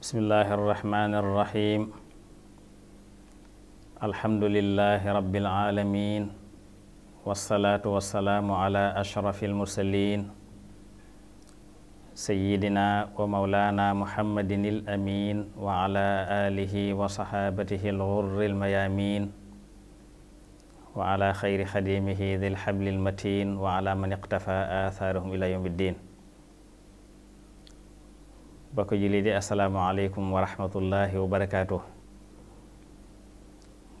bismillahi arrahmani arrahim alhamdulilahi rabbil alamin wasalaatu wasalaamu ala ashrafi almursalin sayyidina wa mawlaana muhammadin il amiin wa ala aalihi wa saxaabatihi al ghurri al mayaamiin wa ala xayri xadimihi dil xabli al matiin wa ala man iqtafa aathaarahum ila yawmi ddiin bokk julli di assalaamu aleykum wa rahmatullahi wa barakaatuh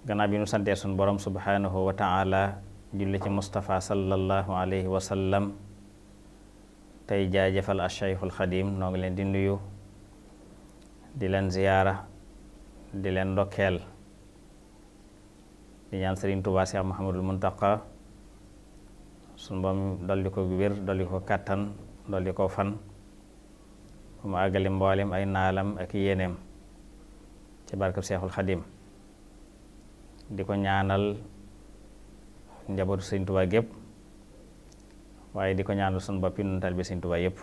gannaaw bi nu santee sun borom subhaanahu wa taala julli ci Mustafa sallallahu alayhi wa sallam tey jaajëfal Cheikhul Xadim noo ngi leen di nuyu di leen ziyaara di leen ndokkeel di ñaan Sëriñ Tuubaa Cheikh Muhammadul Muntaqa suñu boom dolli ko wér dolli ko kàttan dolli ko fan mu àggali mboolem ay naalam ak yéeneem ci barkab Cheikhul Xadim di ko ñaanal njabootu Sëriñ Tuubaa gépp waaye di ko ñaanal sunu bopp yi bi taalibe Sëriñ Tuubaa yëpp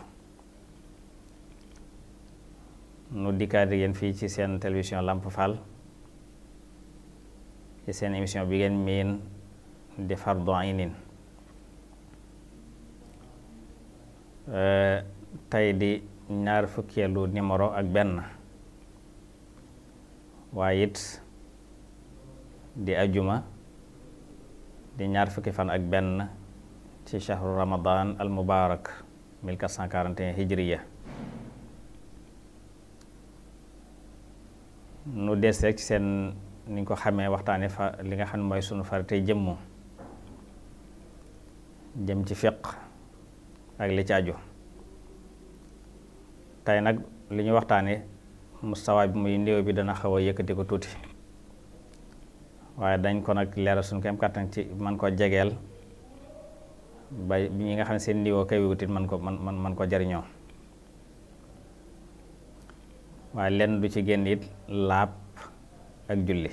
nu dikkaat yéen fii ci seen télévision Lamp Fall ci seen émission bi ngeen miin di Fardul Hayni tey di ñaar fukkeelu numéro ak benn waaye it di ajuma di ñaar fukki fan ak benn ci chahru ramadan al mubarak 1441 hijriya nu des rek ci seen ni ñu ko xamee waxtaane fa li nga xam ne mooy sunu faratey jëmm jëm ci fiq ak li ci aju tey nag li ñu waxtaane mustawa bi muy néew bi dana xaw a yëkkati ko tuuti waaye dañ ko nag leeral suñu kem kàttan ci man ko jegeel bay ñi nga xam ne seen niveau kay wutit man ko man man ko jariñoo waaye lenn du ci génn it laab ak julli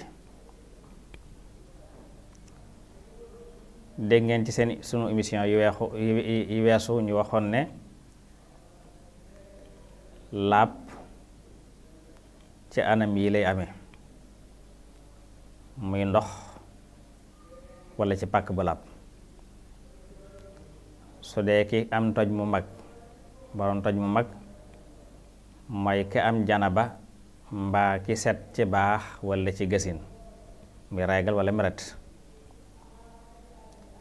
dégg ngeen ci seen sunu émission yu weexu yu weesu ñu waxoon ne laab ci anam yi lay ame muy ndox walla ci pàkk bu laab su dee ki am toj mu mag borom toj mu mag mooy ki am janaba mbaa ki set ci baax walla ci gësin mi raygal wala meret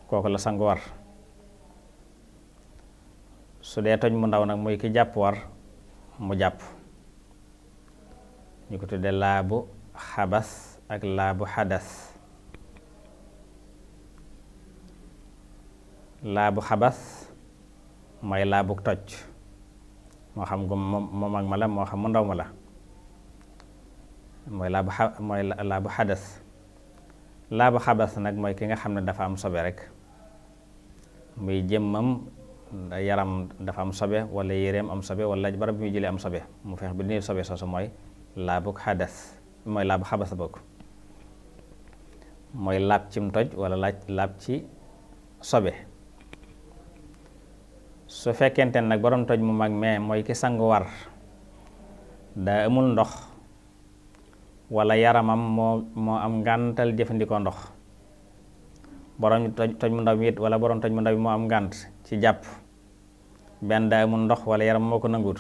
kooku la sangu war su dee toj mu ndaw nag muy ki jàpp war mu jàpp ñu ko tuddee laabu xabas ak laabu xadas laabu xabas mooy laabug toj moo xam gu moom ak ma la moo xam mu ndaw ma la mooy laabu xa mooy laabu xadas laabu xabas nag mooy ki nga xam ne dafa am sobe rek muy jëmmam yaram dafa am sobe wala yéreem am sobe laaj barab bi muy jëlee am sobe mu feex bi ni sobe soo soosu mooy laabug xadas mooy laabu xabas bokk mooy laab cim toj wala laaj laab ci sobe su fekkente nag borom toj mu mag mais mooy ki sangu war daa amul ndox walla yaramam moo moo am ngàntal jëfandikoo ndox borom toj mu ndaw it wala borom toj mu ndaw moo am ngànt ci jàpp benn daa amul ndox walla yaram moo ko nanguut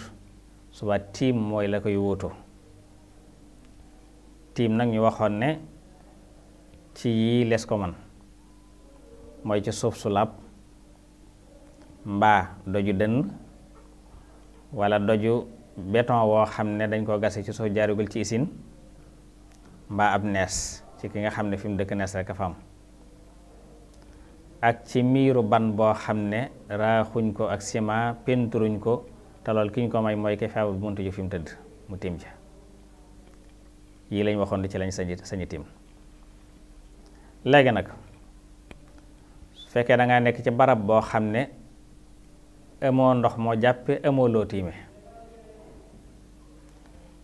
suba tiim mooy la koy wóotu tiim nag ñu waxoon ne ci yii les ko man mooy ci suuf su làpp mbaa doju dënn walla doju béton woo xam ne dañ koo gase ci suuf jaarugul ci isin mbaa ab nees ci ki nga xam ne fi mu dëkk nees rek a fa ak ci miiru ban boo xam ne raaxuñ ko ak ciment penturuñ ko te lool ki ko may mooy ke feebar bu mënta ju fi mu tëdd mu tiim ja yii lañ waxoon di ci lañ sañi sañi tiim léegi nag fekkee da nekk ci barab boo xam ne amoo ndox moo jàppe amoo loo tiime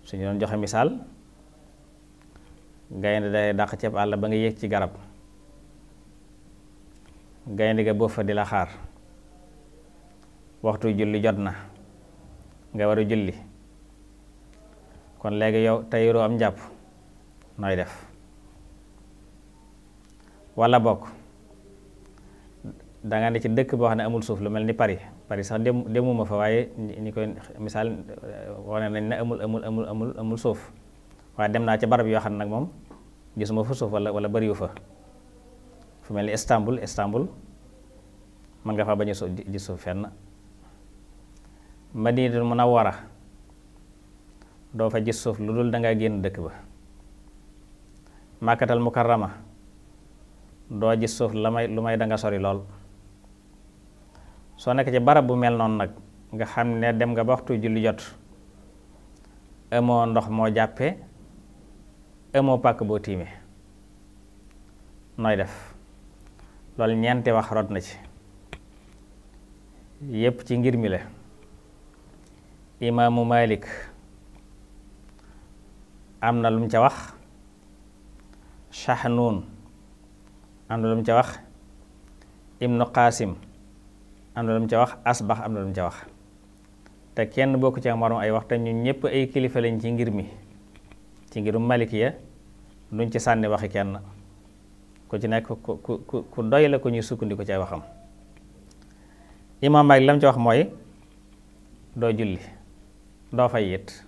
suñu doon joxe misaal gaynde day dàq ceeb àll ba nga yéeg ci garab gaynde ga boo fa di la xaar waxtu julli jot na nga war a julli kon léegi yow teyiroo am njàpp nooy def walla bokk danga ne ci dëkk boo xam ne amul suuf lu mel ni pari Paris sax dem demuma fa waaye ñi koy misaal eh, wane nañ ne amul amul amul amul amul suuf waaye dem naa ci barab yoo xam nag moom gisuma fa suuf walla wala bëriwu fa fu mel ni Istanbul Istanbul mën nga fa bañ a suuf di suuf fenn Madinatul Munawwara doo fa gis lu dul da ngaa génn dëkk ba Makkatal Mukarrama doo gis suuf la may lu may danga sori lool soo nekk ci barab bu mel noonu nag nga xam ne dem nga ba waxtu julli jot amoo ndox moo jàppee amoo pàkk boo tiimee nooy def loolu ñeenti wax rot na ci yépp ci ngir mi la imaamu Malik am na lum ca wax Shahnuun am na lum ca wax Ibnu Qaasim am na lu mu ca wax asbax am na lu mu ca wax te kenn bokk ci morom ay wax te ñun ñëpp ay kilifa lañ ci ngir mi ci ngirum malikiya duñ ci sànni waxi kenn ku ci nekk ku ku ku doy ko ñuy sukkandiku ca waxam imaam Maalik lam ci wax mooy doo julli doo fay it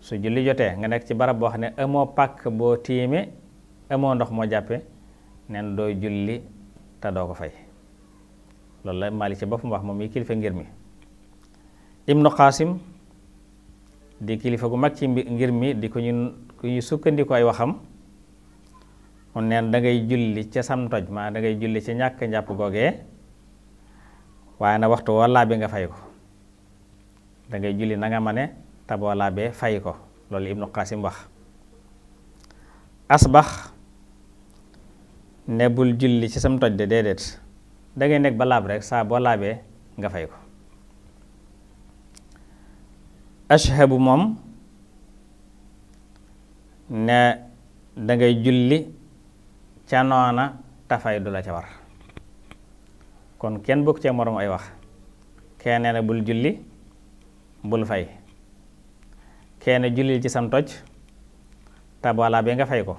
su julli jotee nga nekk ci barab boo xam ne amoo pàkk boo tiime amoo ndox moo jàppe neen doo julli te doo ko fay loolu la Maalik ci boppam wax moom mi kilifa ngir mi Ibnu Qaasim di kilifa gu mag ci ngir mi di ko ñu ku ñu sukkandiku ay waxam mu neen da julli ca sam toj maa da ngay julli ca ñàkk njàpp googee waaye na waxtu woo laabe nga fay ko da ngay julli na nga mane te boo fay ko loolu Ibnu Qaasim wax asbax ne bul julli ci sam toj de déedéet da nekk ba laab rek saa laabee nga fay ko bu moom ne dangay julli ca noona tafay du la ca war kon kenn bokk cee moroom ay wax kee bul julli bul fay kenn jullil ci sam toj te laabee nga fay ko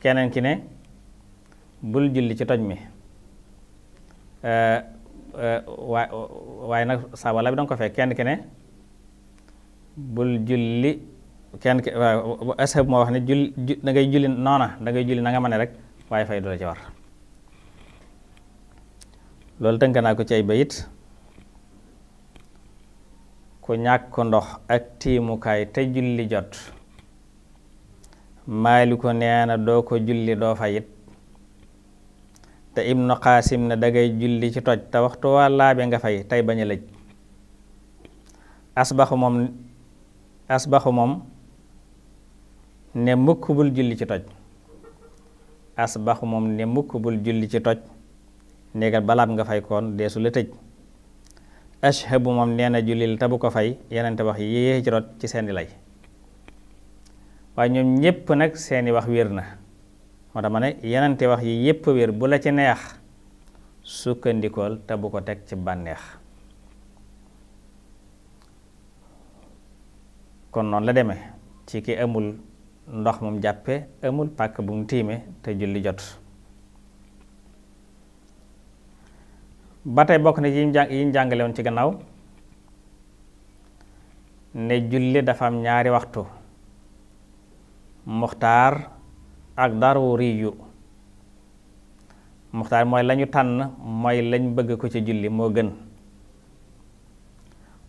keneen ki ne bul julli ci toj mi Eh, eh, waay waaye nag saabala bi danga ko fekk kenn ki ne bul julli kenn ki waaw ashab moo wax ne jul da ngay julli noona da ngay julli na nga ne rek waaye fay du la ci war loolu tënk naa ko ci ay bayit ku ñàkk ndox ak tiimukaay te julli jot maali ko nee na doo ko julli doo fayit te ibnu xaasim ne dangay julli ci toj te waxtu waa laabe nga fay tey bañ a lëj asbaxu moom asbaxu moom ne mukk bul julli ci toj asbaxu moom ne mukk bul julli ci toj néegal balaab nga fay koon deesu la tëj ashhabu moom nee na jullil te bu ko fay yenente wax yée ci rot ci seeni lay waaye ñoom ñépp nag seeni wax wér na moo tax ma ne yenente wax yi yépp wér bu la ci neex sukkandikool te bu ko teg ci bànneex kon noonu la deme ci ki amul ndox mu jàppe amul pàkk bu mu tiime te julli jot ba tey bokk na yi ñu jàngale woon ci gannaaw ne julli dafa am ñaari waxtu muxtaar ak daruriyu muxtaar mooy lañu tànn mooy lañ bëgg ko ci julli moo gën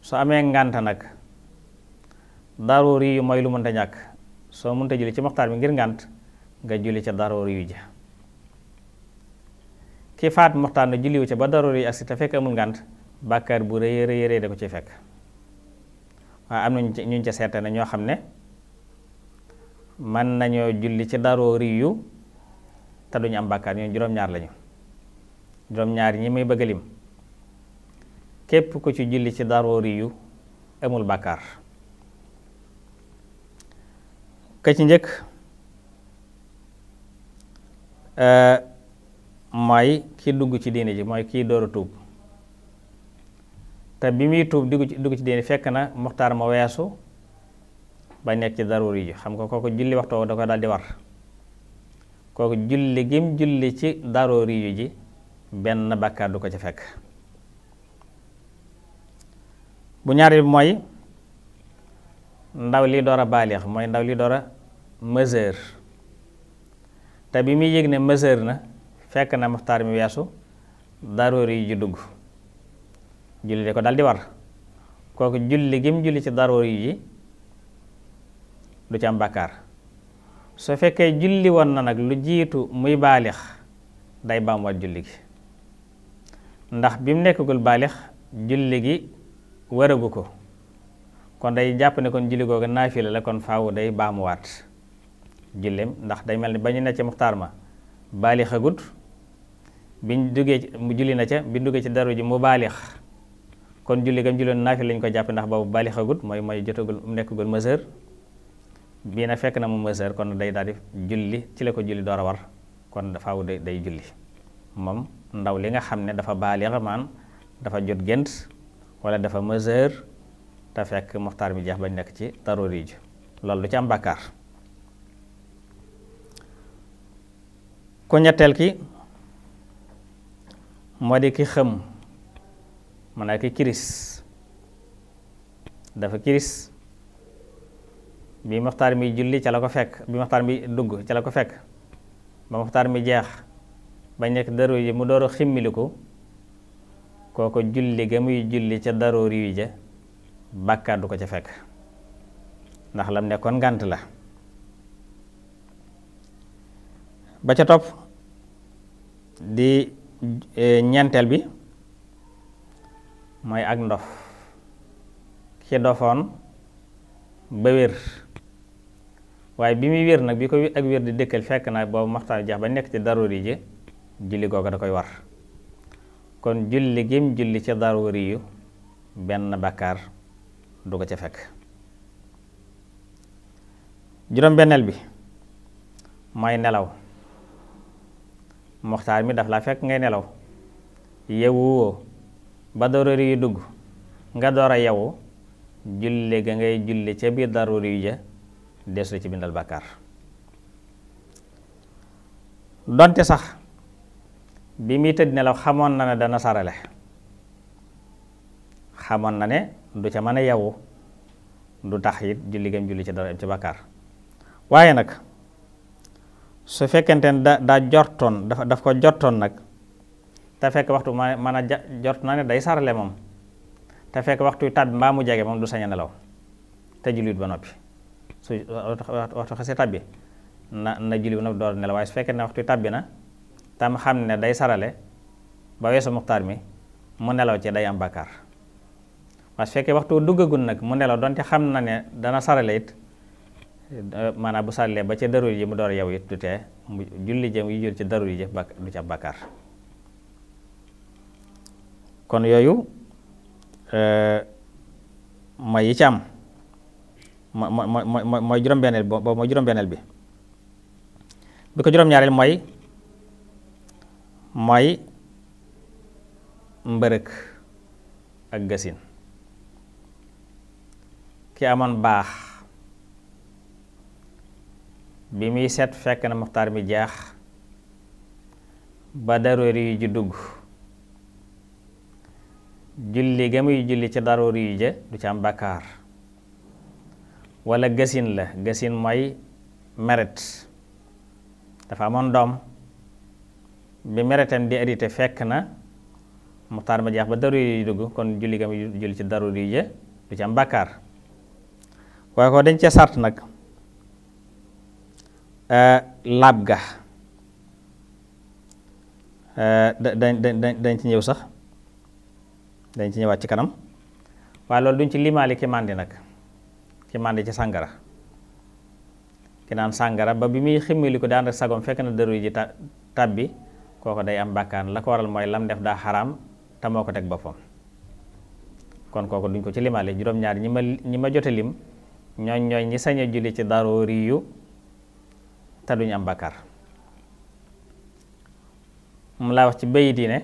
su amee ngànt nag daroor yu mooy lu mënta ñàkk soo mënta julli ci muxtaar bi ngir ngànt nga julli ca daruriyu ja ki faat muxtaar na julliwu ca ba daruriyu ak si te fekk amul ngànt bàkkaar bu rëy rëy da ko ci fekk waaye am na ñu ca seete na ñoo xam ne mën nañoo julli ci daroori yu te duñu am bàkkaar ñoom juróom-ñaar lañu juróom-ñaar ñi muy bëgg lim képp ku ci julli ci daroori yu amul bàkkaar ka ci njëkk eh, mooy kii dugg ci diine ji mooy kii door tuub te bi muy tuub dugg ci dugg ci diine fekk na muxtaar ma weesu ba nekk ci daruri ji xam nga kooku julli waxtu da ko daal di war kooku julli gim julli ci daruri yu ji benn bàkkaar du ko ci fekk bu ñaari mooy ndaw li door a baalix mooy ndaw li door a mesure te bi muy yëg ne mesure na fekk na muxtaar mi weesu daroori yi ji dugg julli de ko daldi di war kooku julli gim julli ci daroori yi du ci am bàkkaar su fekkee julli woon na nag lu jiitu muy baalix day baamuwaat julli gi ndax bi mu nekkagul baalix julli gi wëragu ko kon day jàpp ne kon julli googu naafila la kon faawu day baamuwaat julleem ndax day mel ni ba ñu ne ci ma baalix agut biñ duggee mu julli na ca biñ duggee ci daru ji mu baalix kon julli gam julloon lañ ko jàpp ndax boobu baalix agut mooy mooy jotagul nekkagul mesure bii na fekk na mu mësër kon day daal di julli ci la ko julli door a war kon dafa day day julli moom ndaw li nga xam ne dafa baali man dafa jot gént wala dafa mësër te fekk muxtaar bi jeex bañ nekk ci tarori ji loolu du ci am bàkkaar ku ñetteel ki moo de ki xëm mën naa ki kiris dafa kiris bi maxtaar mi julli ca la ko fekk bi maxtaar mi dugg ca la ko fekk ba maxtaar mi jeex ba nekk daruur yi mu door a ximmiliku kooko julli ga muy julli ca daruur yu ja bàkkaar ko ca fekk ndax lam nekkoon ngant la ba ca topp di e, ñeenteel bi mooy ak ndof ki dofoon ba wér waaye bi muy wér nag bi ko ak wér di dëkkal fekk naa boobu maxtaar jeex ba nekk ci daruri ji julli googu da koy war kon julli gim benn bakkaar du ko ca fekk juróom bi mooy nelaw moxtaar mi daf laa fekk ngay nelaw yewuwoo ba daruri yu dugg nga door a yewu julli ga ngay julli ca biir daruri yu ja dees la ci bindal bàkkaar donte sax bi muy tëdd nelaw xamoon na ne dana sarale xamoon na ne du ca mën a yawu du tax yit julli gam julli ci dara am ci bàkkaar waaye nag su fekkente ne da daa jortoon dafa daf ko jortoon nag te fekk waxtu ma mën a jort na ne day sarale moom te fekk waxtu tàbbi mbaa mu jege moom du sañ nelaw te jullit ba noppi su waxtu xasee tàbbi na na julli bi na door nelaw waaye su fekkee ne waxtu tàbbi na tam xam ne day sarale ba weesu muxtaar mi mu nelaw ci day am bàkkaar waaye su fekkee waxtu duggagul nag mu nelaw donte xam na ne dana sarale it maanaam bu saralee ba ca daruri ji mu door yow it du tee mu julli jëm ci daruri ji du ca bàkkaar kon yooyu eh, mooy yi ci mo mo moo mooy juróom-benneel juróom-benneel bi bi ko juróom-ñaareel mooy mooy mbërëk ak gasin ki amoon baax bi muy set fekk na muxtaar mi jeex ba daroori yu ju dugg julli ga muy julli ci daroori yu ja du ci am bàkkaar wala gasin la gasin mooy meret dafa amoon doom bi meretam di arité fekk na muxtaar ma jeex ba daru yi dugg kon julli gam julli ci daru yi jë du ci am bàkkaar waaye ko dañ ca sart nag euh, laab ga euh, dañ dañ dañ ci ñëw sax dañ ci ñëwaat ci kanam waaye loolu duñ ci limaali ki màndi nag ci màndi ci sàngara ki naan sàngara ba bi muy ximmili ko daan rek sagom fekk na dëru ji ta tàbbi kooko day am bàkkaan la ko waral mooy lam def daa xaraam te moo ko teg boppam kon kooku duñ ko ci limaale juróom-ñaar ñi ma ñi ma jote lim ñooñ ñooñ ñi sañ a julli ci daroori yu te duñ am bàkkaar mu laa wax ci bayit yi ne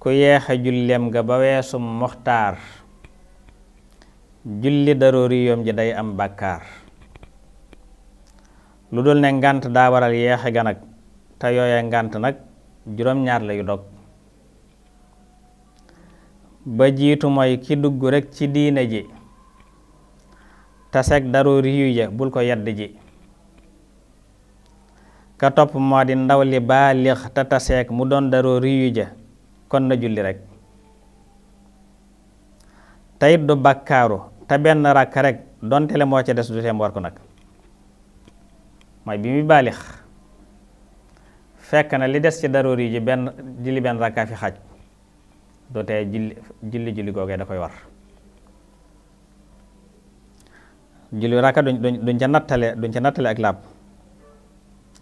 ku yeex a julleem nga ba weesu moxtaar julli daroori yoom ji day am bàkkaar lu dul ne ngànt daa waral yeexe ga nag te yooye ngànt nag juróom-ñaar lay dog ba jiitu mooy ki dugg rekk ci diine ji tasek daroori yu bul ko yedd ji ka topp moo di ndaw li baalix te taseek mu doon daroori yu ja kon na julli rekk teyit du bàkkaaru te benn rakk rek donte le moo ca des du teem war ko nag mooy bi muy baalix fekk na li des ci daroor yi ji benn julli benn rakkaa fi xaaj du tee julli julli googee da koy war julli rakka duñ duñ ca nattale duñ ca nattale ak làpp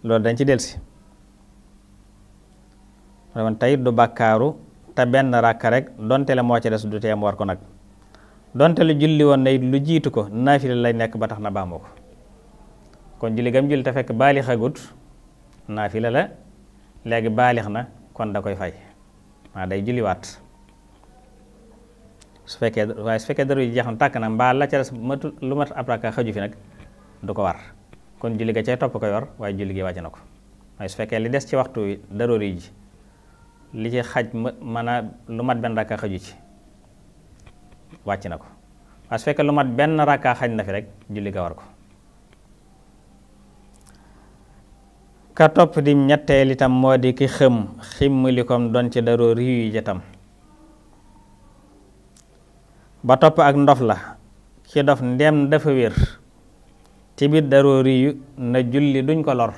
loolu dañ ci delsi kon teyit du bakkaaru te benn rakk rek donte le moo ca des du teem war ko nag donte lu julli woon na it lu jiitu ko naafila lay nekk ba tax na baamoo ko kon julli gam julli te fekk baalix agut naafila la léegi baalix na kon da koy fay maa day julliwaat su fekkee waaye su fekkee daru ji jeexoon tàkk na mbaa la ca des matu lu mat ab rakka xaju fi nag du ko war kon julli ga cay topp koy war waaye julli gi wàcc na ko waaye su fekkee li des ci waxtu daroori ji li ci xaj mën a lu mat benn rakka xaju ci wàcc na ko waaye su lu mat benn rakka xañ na fi rek julli ga ko ka topp di ñetteel itam moo di ki xëm ximmili kom doon ci daroo riyu jatam ba topp ak ndof la ki dof ndem dafa wér ci biir daroo riyu na julli duñ ko lor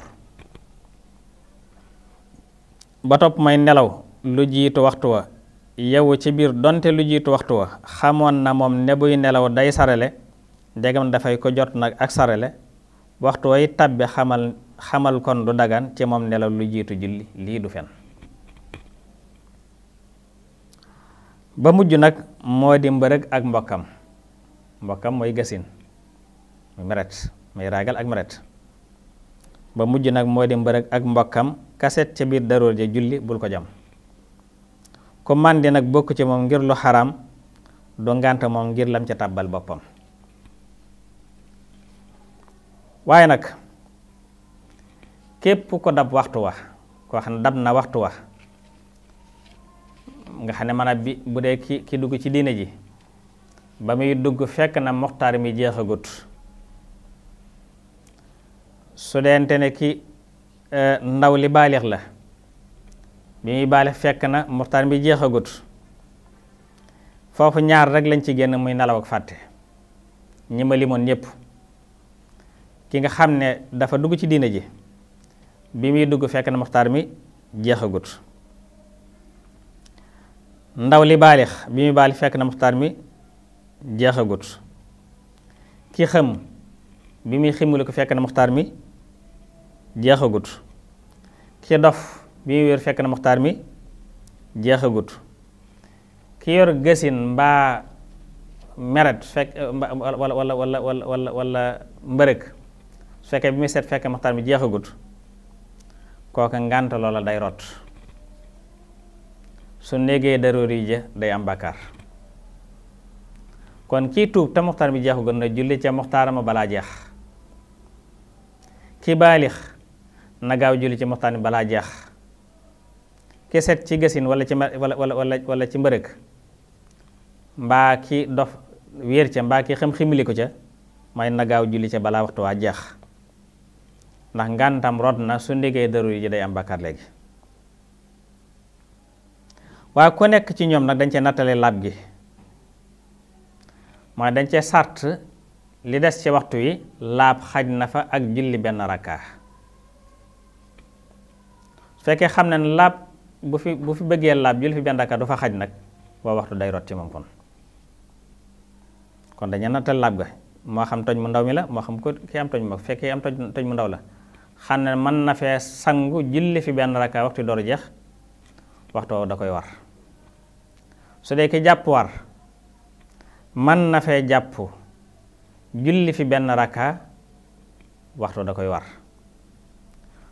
ba topp may nelaw lu jiitu waxtu wa yow ci biir donte lu jiitu waxtu wa xamoon na moom ne buy nelaw day sarale ndegam dafay ko jot nag ak sarale waxtu way tàbbi xamal xamal kon du dagan ci moom nelaw lu jiitu julli lii du fen ba mujj nag moo di mbërëg ak mbokkam mbokkam mooy gasin muy meret muy raagal ak meret ba mujj nag moo di mbërëg ak mbokkam kaset ca biir daroor ja julli bul ko jam ku màndi nag bokk ci moom ngir lu xaraam du ngànt moom ngir lam ca tàbbal boppam waaye nag képp ko dab waxtu wax koo xam ne dab na waxtu wa nga xam ne man bi bu dee ki ki dugg ci diine ji ba muy dugg fekk na muxtaar mi jeexagut su deente ne ki eh, ndaw li baalix la bi muy baale fekk na muxtaar bi jeexagut foofu ñaar rek lañ ci génn muy nelaw ak fàtte ñi ma limoon ñëpp ki nga xam ne dafa dugg ci diina ji bi muy dugg fekk na muxtaar mi jeexagut ndaw li baalix bi muy baali fekk na muxtaar mi jeexagut ki xam bi muy ximuli ko fekk na muxtaar mi jeexagut ki dof bi muy wér fekk na muxtaar mi jeexagut ki yor gësin mbaa meret fekk eh, wala walla wala walla walla mbërëg su fekkee bi muy seet fekk muxtaar mi jeexagut kooka ngànt loola day rot su négee daroor yi ja day am bàkkaar kon kii tuub te muxtaar mi jeexagut na julli ca muxtaarama balaa jeex ki baalix na gaaw julli ci muxtaar mi balaa jeex ki set ci gësin wala ci wala wala wala ci mbërëg mbaa ki dof wéer ca mbaa ki xam-ximili ko ca may na gaaw julli ca balaa waxtu waa jeex ndax ngantam rot na su ndigee daru yi day am bakkaar léegi waaye ko nekk ci ñoom nag dañ cee nattale lab gi mooy dañ cee sart li des ci waxtu yi laab xaj na fa ak julli benn rakkaa fekkee xam ne laab bu fi bu fi bëggee laab jël fi benn rakka du fa xaj nag boo waxtu day rot ci moom kon kon dañu nattal laab ga moo xam toj mu ndaw mi la moo xam ko ki am toj mu am toj toj mu ndaw la xam ne mën na fee sangu julli benn rakka waxtu door jeex da koy war su dee ki jàpp war mën julli fi benn rakka waxtu da koy war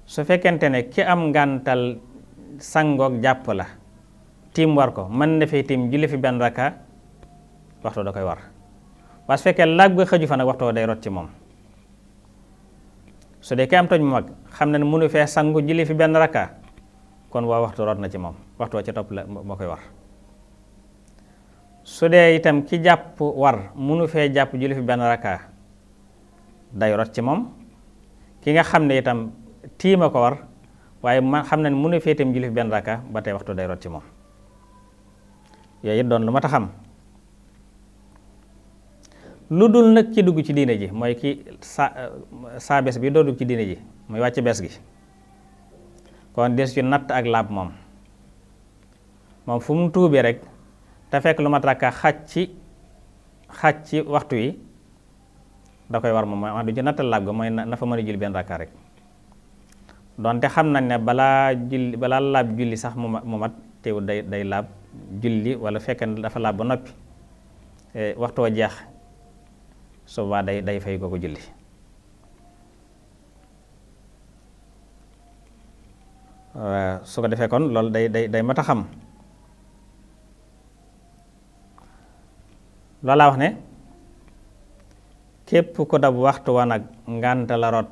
su fekkente ne ki am ngàntal sangoog jàpp la tiim war ko mën na fay tiim julli fi benn rakka waxtoo da koy war waaye su fekkee laab xëju fa nag waxtoo day rot ci moom su dee kay am toj mu mag xam na ni mënu fee sangu julli fi benn rakka kon waa waxtu rot na ci moom waxtu ci topp la moo koy war su dee itam ki jàpp war mënu fee jàpp julli fi benn rakka day rot ci moom ki nga xam ne itam tiim a ko war waaye man xam na ni mu ne féetam julli fi benn raka ba tey waxtu day rot ci moom yooyu it doon lu mat a xam lu dul nag ci dugg ci diine ji mooy ki sa saa bes bi doo dugg ci diine ji muy wàcc bes gi kon des ci natt ak laab moom moom fu mu tuubee rek te fekk lu mat rakka xaj ci xaj ci waxtu yi da koy war moom ma du ci nattal laab ga mooy na fa mën a jël benn rakka rek donte xam na ne balaa julli balaa laab julli sax mu mu ma teewul day day laab julli wala fekk dafa laab ba noppi e, waxtu wa jeex su day day fay kooku julli su ko defee kon loolu day day day mat a xam loolaa wax ne képp ku dab waxtu wa nag ngànta la rot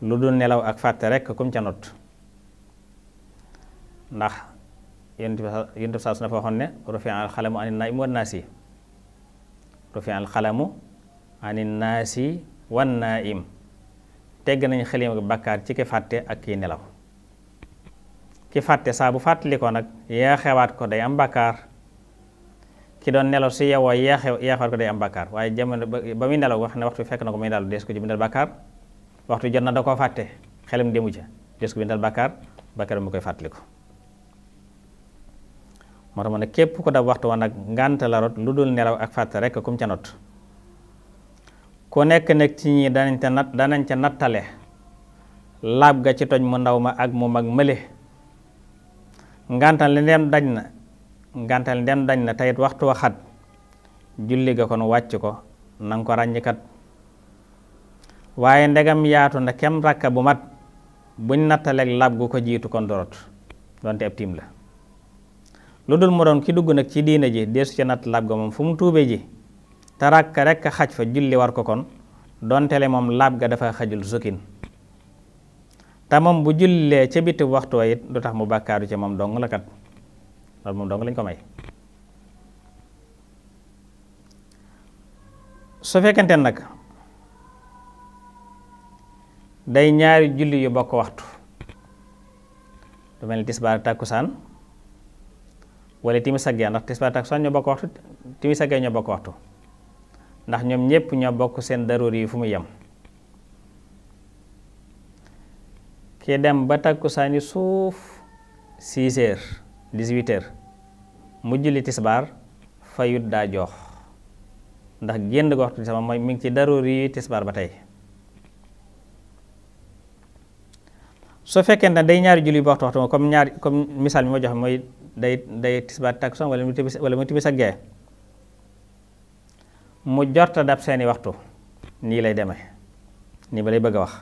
lu dul nelaw ak fàtte rekk kum ca not ndax yonent bi saa su dafa waxoon ne rufi al xalamu anin naa'imi wan naasi rufi al xalamu anin naasi wan naa'im tegg nañ xelima ak bàkkaar ci ki fàtte ak ki nelaw ki fàtte saa bu fàttalikoo nag xewaat ko day am bàkkaar ki doon nelaw su yeewoo yeexe yeexewaat ko day am bàkkaar waaye jamono ba muy nelaw wax ne waxtu fekk na ko muy nelaw dees ko ci bindal bàkkaar waxtu jot na da koo fàtte xelam demu ca des ko bindal bàkkaar bàkkaar mu koy fàttaliku moo tax ma ne képp ku dab waxtu wa nag ngànt la rot lu dul nelaw ak fàtte rek kum ca not ku nekk nekk ci ñi danañ ca danañ ca nattale laab ga ci toj mu ndaw ma ak mu mag mële ngàntal ndem dañ na ngàntal ndem dañ na teyit waxtu wa xat julli ga kon wàcc ko nanga ko ràññikat waaye ndegam yaatu na kem rakka bu mat buñ nattaleeg lab gu ko jiitu kon dorot donte ab tiim la lu dul mu doon ki dugg nag ci diina ji deesu ci natt lab moom fu mu tuube ji te rakka rek xaj fa julli war ko kon dontele moom lab ga dafa xajul sukkin te moom bu jullee ca biti waxtu wa it du tax mu bàkkaaru ca moom dong la kat loolu moom dong lañ ko may su fekkente nag day ñaari julli yu bokk waxtu du mel ni tisbaar tàkkusaan wala timis ak gee ndax tisbaar tàkkusaan ñoo bokk waxtu timis gee ñoo bokk waxtu ndax ñoom ñépp ñoo bokk seen daruur yi fu mu yem ki dem ba tàkkusaan yi suuf 6 heures mu julli tisbaar fayut daa jox ndax génn ko waxtu sama mooy mi ngi ci daroor yi tisbaar ba tey su fekkee ne day ñaari julli bu waxtu waxtu comme ñaari comme misaal mi ma joxe mooy day day tisbaar takkusaan wala mu timis wala mu timis ak gee mu jorta seeni waxtu nii lay demee nii ba lay bëgg a wax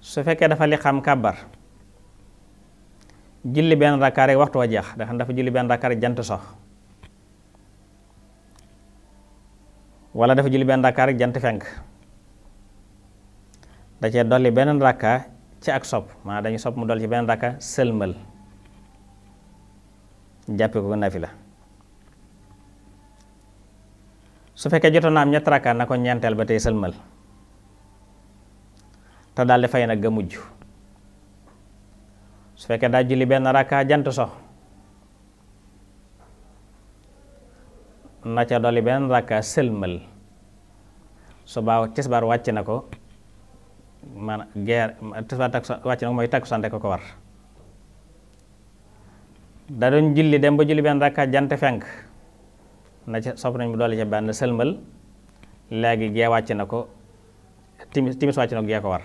su fekkee dafa li xam kàbbar julli benn rakkaar rek waxtu wa jeex xam dafa julli benn rakkaar jant sox wala dafa julli benn rakkaar rek jant fenk da cee dolli beneen rakka ci ak sopp maanaam mu dolli ci beneen rakka sëlmal jàppe su fekkee jotoon na am ñett rakka ba tey sëlmal te daal fay nag mujj su fekkee daa julli benn rakka jant sox na ca dolli benn rakka sëlmal su baaw tisbaar wàcc na ko maanaam geer tisbaar takkusaan wàcc nag mooy takkusaan rek ko war da doon julli dem ba julli benn rakka jant fenk na ca sopp nañ mu doole ca benn sëlmal léegi gee wàcc na ko timis timis wàcc na ko gee ko war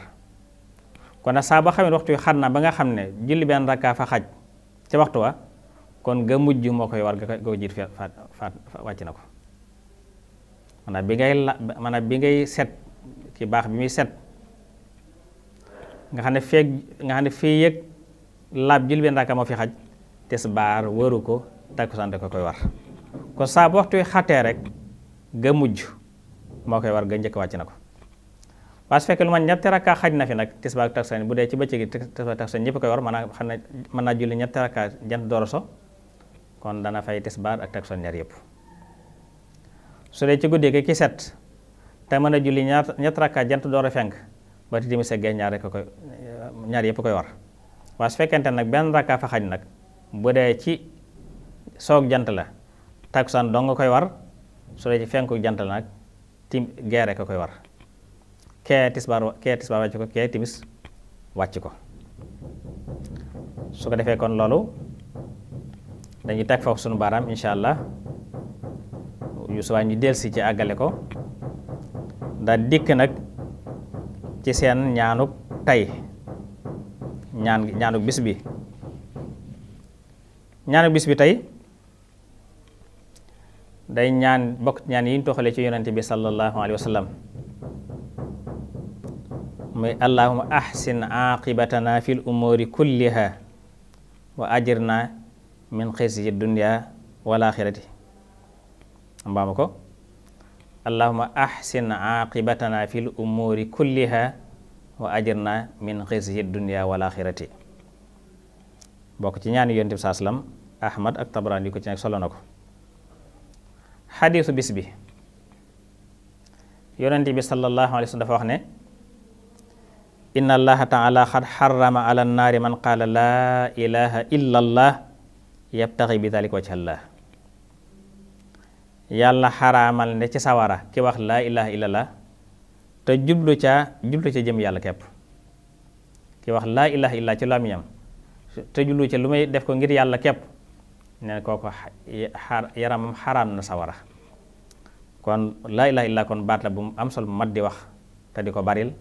kon nag saa boo xam ne waxtu wi xat na ba nga xam ne julli benn rakka fa xaj ca waxtu wa kon ga mujj moo koy war ga ko jiit fa fa wàcc na ko maanaam bi ngay la maanaam bi ngay set ki baax bi muy set nga xam ne feeg nga ne fii yëg laab jël benn rakaa moo fi xaj tisbaar waru ko takkusaan de ko koy war kon saa bu waxtu wi xatee rek ga mujj moo koy war ga njëkk wàcc na ko waaye su fekkee lu ma ñetti rakaa xaj na fi nag tisbaar ak takkusaan bu dee ci bëccëg gi tisbaar takkusaan ñëpp koy war mën naa xam mën naa julli ñetti rakaa jant door kon dana fay tisbaar ak takkusaan ñaar yëpp su dee ci guddi gi ki set te mën a julli ñaar ñetti rakka jant door a fenk ba ti timis seggee ñaar rek koy ñaar yëpp koy war waaye su fekkente nag benn rakka fa xaj nag bu dee ci soog jant la takkusaan dong koy war su dee ci fenku jant la nag tim gee rek koy war kee tisbaar kee tisbaar wàcc ko kee timis wàcc ko su ko defee kon loolu dañuy teg foofu sunu baaraam incha allah yu subaa ñu delsi ci àggale ko daal dikk nag ci seen ñaanub tey ñaan ñaanub bis bi ñaanub bis bi tey day ñaan bokk ñaan yiñ ñu toxale ci yonente bi sallallahu alayhi wa sallam allahuma ahsin aqibatana fi l kulliha wa ajirna min xisyi dunya wal axirati ambaama ko allahuma ahsin aqibatana fi l umuuri wa ajirna min xisyi dunia wal axirati ci ñaani yonent bi saa sallam ahmad ak tabaraan yi ko ci nekk solo na ko xadiisu bi yonent bi sallallahu dafa wax inna allaha taala xad xarama ala nnaari man qaala laa ilaha illa allah yabtaxi bi dalika wajhallah yàlla xaraamal ne ci sawara ki wax laa ilaha illallah te jublu ca jublu ca jëm yàlla képp ki wax laa ilaha illallah ci làmmiñam te jublu ca lu may def ko ngir yàlla képp ne kooku yaramam xaraam na sawara kon laa ilaha illallah kon baat la bu mu am sol mat di wax te di ko baril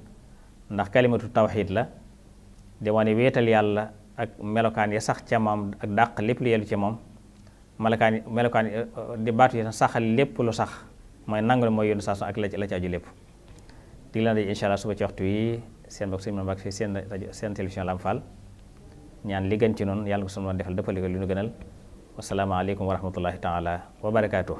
ndax kalimatu tawxiit la di wane wéetal yàlla ak melokaan ya sax ca moom ak dàq lépp lu yelu ci moom melokaan melokaan eh, di baatu yi saxal lépp lu sax mooy nangu mooy yoonu saa ak la la ci aju lépp di leen di incha allah suba ci waxtu yi seen mbokk seen mbokk fii seen seen télévision Lamp Fall ñaan li gën ci noonu yàlla ko sunu defal dëppale ko li ñu gënal wasalaamaaleykum wa rahmatullahi taala wa barakaatu.